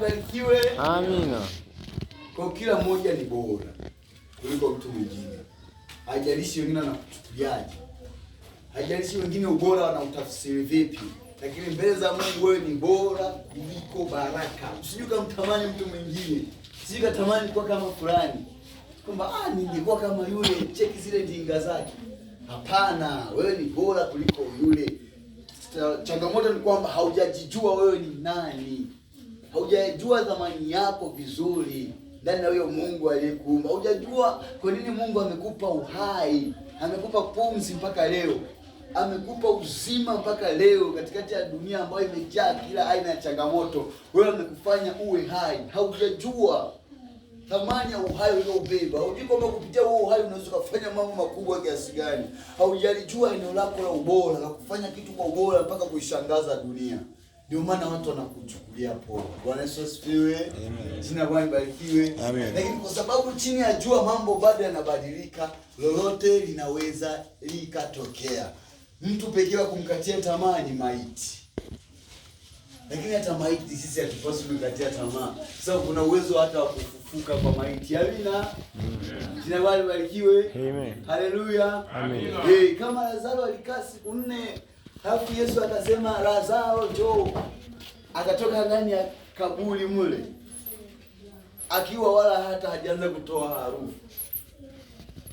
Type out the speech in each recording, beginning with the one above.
Barikiwe. Amina. Kwa kila mmoja ni bora kuliko mtu mwingine, hajalishi wengine wanakuchukuliaje, hajalishi wengine ubora wanautafsiri vipi, lakini mbele za Mungu wewe ni bora kuliko baraka. Usijui kamtamani mtu mwingine, sijui katamani kuwa kama fulani, kwamba ah, ningekuwa kama yule, cheki zile ndinga zake. Hapana, wewe ni bora kuliko yule changamoto ni kwamba haujajijua wewe ni nani, haujajua thamani yako vizuri ndani ya huyo Mungu aliyekuumba. Haujajua kwa nini Mungu amekupa uhai, amekupa pumzi mpaka leo, amekupa uzima mpaka leo, katikati ya dunia ambayo imejaa kila aina ya changamoto, wewe amekufanya uwe hai, haujajua thamani ya uhai uliobeba. Hujui kwamba kupitia huo uhai unaweza kufanya mambo makubwa kiasi gani. Haujalijua eneo lako la ubora la kufanya kitu kwa ubora mpaka kuishangaza dunia. Ndio maana watu wanakuchukulia poa. Bwana Yesu asifiwe. Jina Bwana Amen. Lakini kwa sababu chini ya jua mambo bado yanabadilika, lolote linaweza likatokea. Mtu pekee wa kumkatia tamaa ni maiti lakini hata maiti sisi hatupaswi kukatia tamaa, so kuna uwezo hata wa kufufuka kwa maiti. Amina, jina lake libarikiwe, haleluya, amen. Hey, kama Lazaro alikaa siku nne, halafu Yesu akasema Lazaro njoo, akatoka ndani ya kaburi mule akiwa wala hata hajaanza kutoa harufu.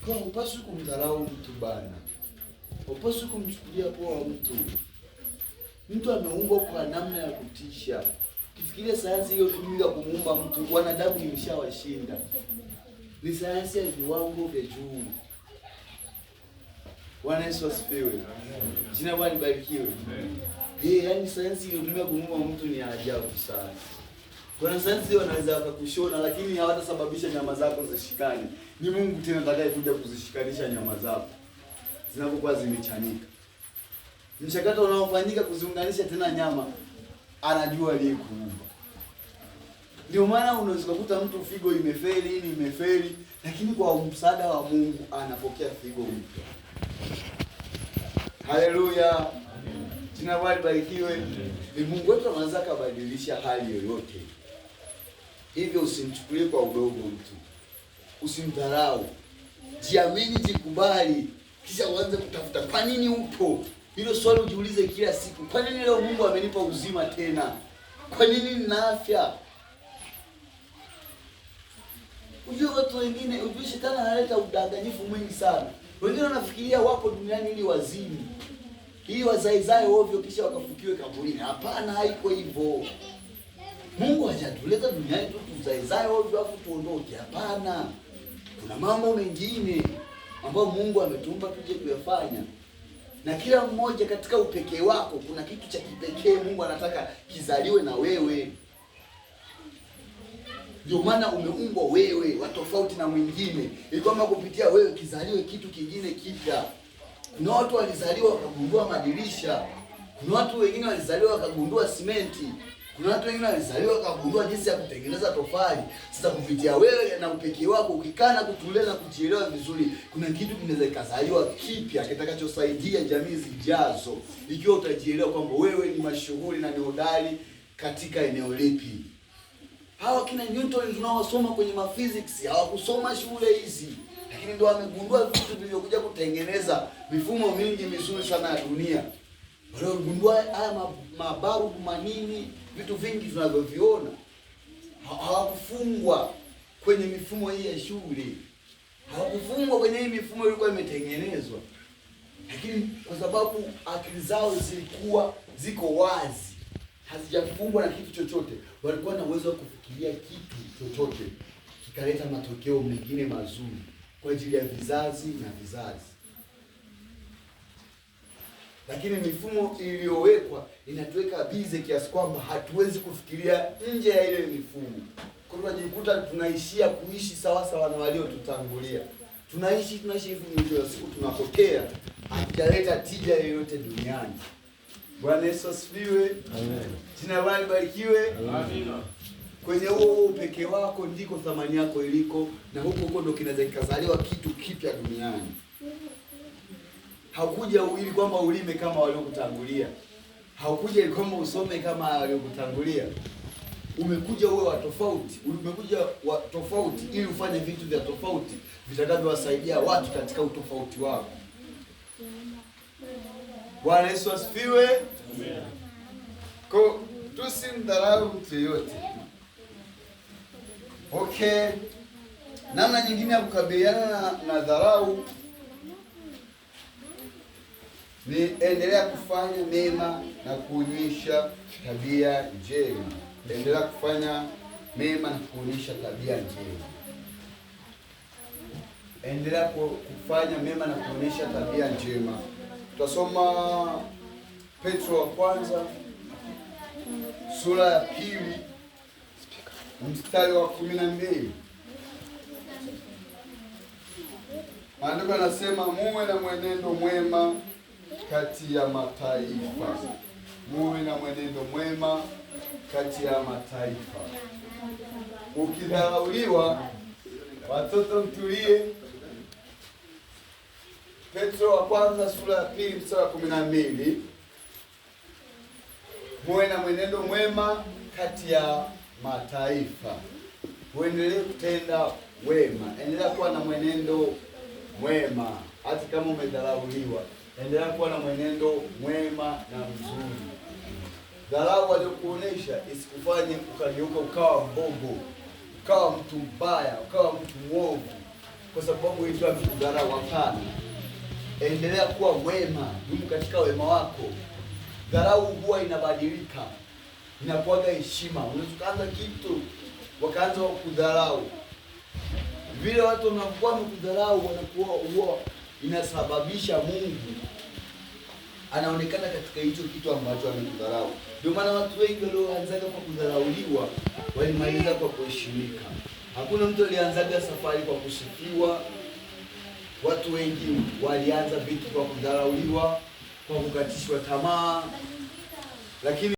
Kwa upaswi kumdharau mtu bana, upaswi kumchukulia poa mtu Mtu ameumbwa kwa namna ya kutisha. Kifikiria sayansi hiyo tumika kumuumba mtu, wanadamu imeshawashinda. Ni sayansi ya viwango vya juu. Bwana Yesu asifiwe. Jina Bwana libarikiwe. Eh, yani sayansi iliyotumia kumuumba mtu ni ajabu sana. Kuna sayansi wanaweza wakakushona lakini hawatasababisha nyama zako zishikane. Ni Mungu tena atakayekuja kuzishikanisha nyama zako zinapokuwa zimechanika mchakato unaofanyika kuziunganisha tena nyama, anajua aliyekuumba. Ndio maana unaweza kukuta mtu figo imefeli ni imefeli, lakini kwa msaada wa Mungu anapokea figo mpya. Haleluya, jina lake barikiwe. Ni Mungu wetu anaweza kubadilisha hali yoyote. Hivyo usimchukulie kwa udogo mtu, usimdharau, jiamini, jikubali, kisha uanze kutafuta kwa nini upo hilo swali ujiulize kila siku. Kwa nini leo Mungu amenipa uzima tena? Kwa nini nina afya? Ujue watu wengine, ujue shetani analeta udanganyifu mwingi sana. Wengine wanafikiria wako duniani ili wazini, ili wazaezae ovyo kisha wakafukiwe kaburini. Hapana, haiko hivyo. Mungu hajatuleta duniani tu tuzaezae ovyo afu tuondoke. Hapana, kuna mambo mengine ambayo Mungu ametuumba tuje kuyafanya na kila mmoja katika upekee wako kuna kitu cha kipekee Mungu anataka kizaliwe na wewe. Ndio maana umeumbwa wewe wa tofauti na mwingine, ili kwamba kupitia wewe kizaliwe kitu kingine kipya. Kuna watu walizaliwa wakagundua madirisha, kuna watu wengine walizaliwa wakagundua simenti kuna watu wengine walizaliwa wakagundua jinsi ya kutengeneza tofali. Sasa kupitia wewe na upekee wako ukikaa na kutulia na kujielewa vizuri, kuna kitu kinaweza kikazaliwa kipya kitakachosaidia jamii zijazo, ikiwa utajielewa kwamba wewe ni mashuhuri na ni hodari katika eneo lipi. Hawa kina Newton tunaowasoma kwenye maphysics hawakusoma shule hizi, lakini ndio wamegundua vitu vilivyokuja kutengeneza mifumo mingi mizuri sana ya dunia. Waliogundua haya mabarubu manini vitu vingi tunavyoviona hawakufungwa kwenye mifumo hii ya shule, hawakufungwa kwenye hii mifumo ilikuwa imetengenezwa, lakini kwa sababu akili zao zilikuwa ziko wazi, hazijafungwa na kitu chochote, walikuwa na uwezo wa kufikiria kitu chochote kikaleta matokeo mengine mazuri kwa ajili ya vizazi na vizazi lakini mifumo iliyowekwa inatuweka bize kiasi kwamba hatuwezi kufikiria nje ya ile mifumo. Kwa hiyo tunajikuta tunaishia kuishi sawa sawa na waliotutangulia. Tunaishi tunaishi hivi, mwisho wa siku tunapokea, hatujaleta tija yoyote duniani. Bwana Yesu asifiwe, amen. Jina lake barikiwe, amen. Kwenye huo huo upekee wako ndiko thamani yako iliko, na huko huko ndo kinaweza kikazaliwa kitu kipya duniani. Haukuja ili kwamba ulime kama waliokutangulia, haukuja ili kwamba usome kama waliokutangulia. Umekuja uwe wa tofauti, umekuja wa tofauti ili ufanye vitu vya tofauti vitakavyowasaidia watu katika utofauti wao. Bwana Yesu asifiwe. Kwa tusimdharau mtu yoyote. Okay, namna nyingine ya kukabiliana na, na dharau Endelea kufanya mema na kuonyesha tabia njema. Endelea kufanya mema na kuonyesha tabia njema. Endelea kufanya mema na kuonyesha tabia njema. Tutasoma Petro wa kwanza sura ya pili mstari wa kumi na mbili. Maandiko yanasema muwe na mwenendo mwema kati ya mataifa, muwe na mwenendo mwema kati ya mataifa. Ukidharauliwa, watoto mtulie. Petro wa kwanza sura ya pili mstari wa kumi na mbili muwe na mwenendo mwema kati ya mataifa. Uendelee kutenda wema, endelea kuwa na mwenendo mwema hata kama umedharauliwa endelea kuwa na mwenendo mwema na mzuri. Dharau aliyokuonesha isikufanye ukageuka ukawa mbogo, ukawa mtu mbaya, ukawa mtu mwovu, kwa sababu itwa kudharau. Hapana, endelea kuwa mwema, dumu katika wema wako. Dharau huwa inabadilika, inakuwaga heshima. Unaweza ukaanza kitu wakaanza kudharau, vile watu wanakuwa wamekudharau wanakuwa inasababisha Mungu anaonekana katika hicho kitu ambacho amekudharau. Ndio maana watu wengi walioanzaga kwa kudharauliwa walimaliza kwa kuheshimika. Hakuna mtu alianzaga safari kwa kusifiwa. Watu wengi walianza vitu kwa kudharauliwa, kwa kukatishwa tamaa, lakini